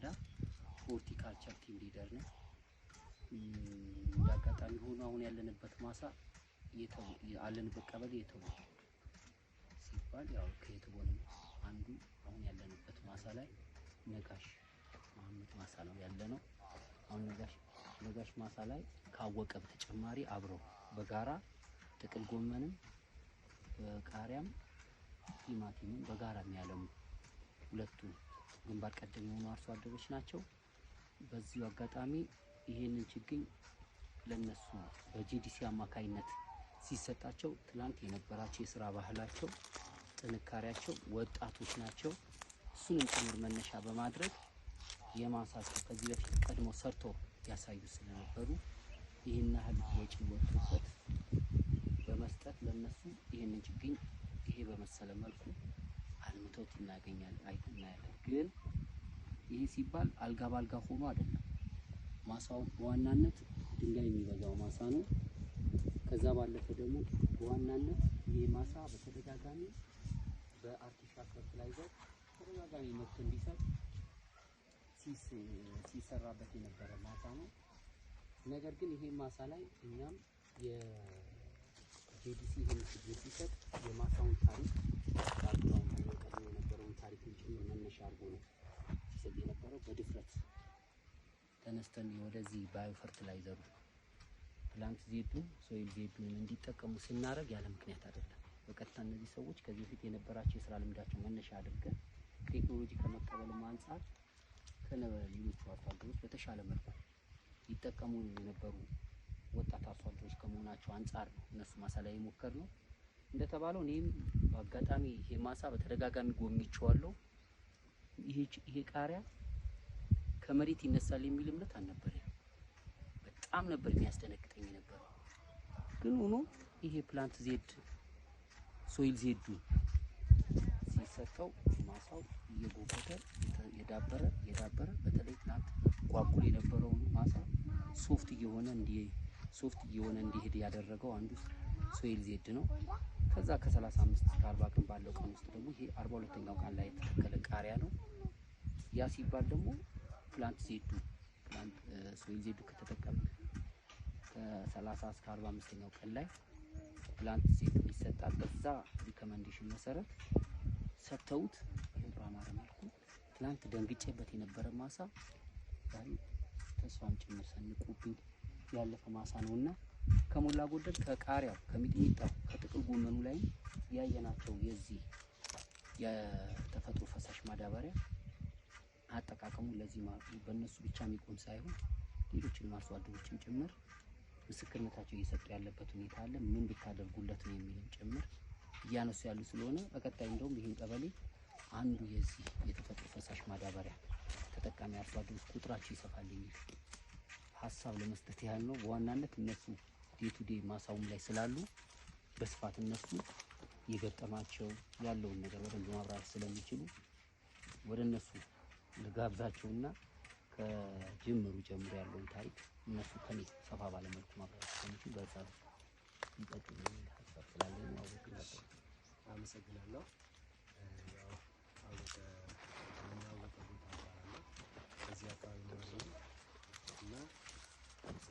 ወረዳ ሆርቲካልቸር ቲም ሊደር ነው። እንዳጋጣሚ ሆኖ አሁን ያለንበት ማሳ አለንበት ቀበሌ የተቦ ሲባል ያው ከየተቦ ነው አንዱ። አሁን ያለንበት ማሳ ላይ ነጋሽ መሀመድ ማሳ ነው ያለ ነው። አሁን ነጋሽ ነጋሽ ማሳ ላይ ካወቀ በተጨማሪ አብሮ በጋራ ጥቅል ጎመንም ቃሪያም ቲማቲምም በጋራ የሚያለሙ ሁለቱን ግንባር ቀደም የሆኑ አርሶ አደሮች ናቸው። በዚሁ አጋጣሚ ይህንን ችግኝ ለነሱ በጂዲሲ አማካይነት ሲሰጣቸው ትላንት የነበራቸው የስራ ባህላቸው ጥንካሬያቸው ወጣቶች ናቸው። እሱንም ጭምር መነሻ በማድረግ የማሳቸው ከዚህ በፊት ቀድሞ ሰርቶ ያሳዩ ስለነበሩ ይህን ያህል ወጪ ወጥቶበት በመስጠት ለነሱ ይህንን ችግኝ ይሄ በመሰለ መልኩ አልምተውት እናገኛለን እናያለን። ግን ይሄ ሲባል አልጋ ባልጋ ሆኖ አይደለም። ማሳው በዋናነት ድንጋይ የሚበዛው ማሳ ነው። ከዛ ባለፈ ደግሞ በዋናነት ይህ ማሳ በተደጋጋሚ በአርቲፊሻል ፈርቲላይዘር ተደጋጋሚ መብት እንዲሰጥ ሲሰራበት የነበረ ማሳ ነው። ነገር ግን ይሄ ማሳ ላይ እኛም የጄዲሲ ሄሚስ ሲሰጥ የማሳውን ታሪክ መነሻ አድርጎ ነው ስብ የነበረው። በድፍረት ተነስተን ወደዚህ ባዮ ፈርትላይዘሩ ፕላንት ዜዱ ሶይል ዜዱን እንዲጠቀሙ ስናደርግ ያለ ምክንያት አይደለም። በቀጥታ እነዚህ ሰዎች ከዚህ በፊት የነበራቸው የስራ ልምዳቸው መነሻ አድርገን ቴክኖሎጂ ከመቀበልም አንጻር ከሌሎቹ አርሶ አደሮች በተሻለ መልኩ ይጠቀሙ የነበሩ ወጣት አርሶ አደሮች ከመሆናቸው አንጻር ነው እነሱ ማሳ ላይ የሞከር ነው። እንደተባለው እኔም በአጋጣሚ ይሄ ማሳ በተደጋጋሚ ጎብኝቼዋለሁ። ይሄ ቃሪያ ከመሬት ይነሳል የሚል እምነት አልነበረኝ። በጣም ነበር የሚያስደነግጠኝ ነበር። ግን ሆኖ ይሄ ፕላንት ዜድ ሶይል ዜዱ ሲሰጠው ማሳው እየጎበተ የዳበረ የዳበረ በተለይ ትናንት ጓጉል የነበረውን ማሳ ሶፍት እየሆነ እንዲ ሶፍት እየሆነ እንዲሄድ ያደረገው አንዱ ሶይል ዜድ ነው። ከዛ ከ35 እስከ 40 ቀን ባለው ቀን ውስጥ ደግሞ ይሄ 42ኛው ቀን ላይ የተተከለ ቃሪያ ነው። ያ ሲባል ደግሞ ፕላንት ዜዱ ፕላንት ሶይል ዜዱ ከተጠቀምን ከ30 እስከ 45ኛው ቀን ላይ ፕላንት ዜዱ ይሰጣል። በዛ ሪኮመንዴሽን መሰረት ሰጥተውት ይህን በአማረ መልኩ ትላንት ደንግጬበት የነበረ ማሳ ዛሬ ተስፋም ጭምር ሰንቆብኝ ያለፈ ማሳ ነውና ከሞላ ጎደል ከቃሪያው ከሚጥሚጣው ከጥቅል ጎመኑ ላይ ያየናቸው የዚህ የተፈጥሮ ፈሳሽ ማዳበሪያ አጠቃቀሙ ለዚህ በእነሱ ብቻ የሚቆም ሳይሆን ሌሎችን አርሶ አደሮችን ጭምር ምስክርነታቸው እየሰጡ ያለበት ሁኔታ አለ። ምን ብታደርጉለት ነው የሚልም ጭምር እያነሱ ያሉ ስለሆነ በቀጣይ እንደውም ይህን ቀበሌ አንዱ የዚህ የተፈጥሮ ፈሳሽ ማዳበሪያ ተጠቃሚ አርሶ አደሮች ቁጥራቸው ይሰፋል የሚል ሀሳብ ለመስጠት ያህል ነው። በዋናነት እነሱ ዴይ ቱ ዴይ ማሳውም ላይ ስላሉ በስፋት እነሱ የገጠማቸው ያለውን ነገር በደንብ ማብራራት ስለሚችሉ ወደ እነሱ ልጋብዛችሁና ከጅምሩ ጀምሮ ያለውን ታሪክ እነሱ ከኔ ሰፋ ባለመልኩ ማብራራት ከሚችል በዛ ይጠቅም ሀሳብ ስላለ አመሰግናለሁ። እዚህ አካባቢ ነዋሪ እና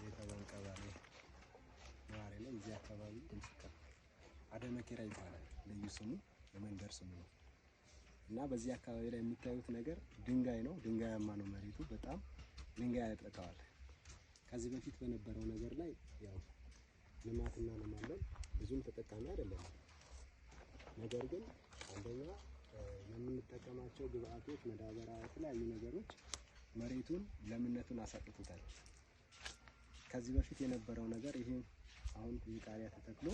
የተባን ቀበሌ ነዋሪ ነው። እዚህ አካባቢ ድምፅ አደመኬራ ይባላል ልዩ ስሙ የመንደር ስሙ ነው። እና በዚህ አካባቢ ላይ የሚታዩት ነገር ድንጋይ ነው። ድንጋያማ ነው መሬቱ፣ በጣም ድንጋይ ያጠቃዋል። ከዚህ በፊት በነበረው ነገር ላይ ያው ልማት ለማለም ብዙም ተጠቃሚ አይደለም። ነገር ግን አንደኛ የምንጠቀማቸው ግብአቶች፣ መዳበሪያ፣ የተለያዩ ነገሮች መሬቱን ለምነቱን አሳጥቶታል። ከዚህ በፊት የነበረው ነገር ይሄ አሁን ቃሪያ ተተክሎ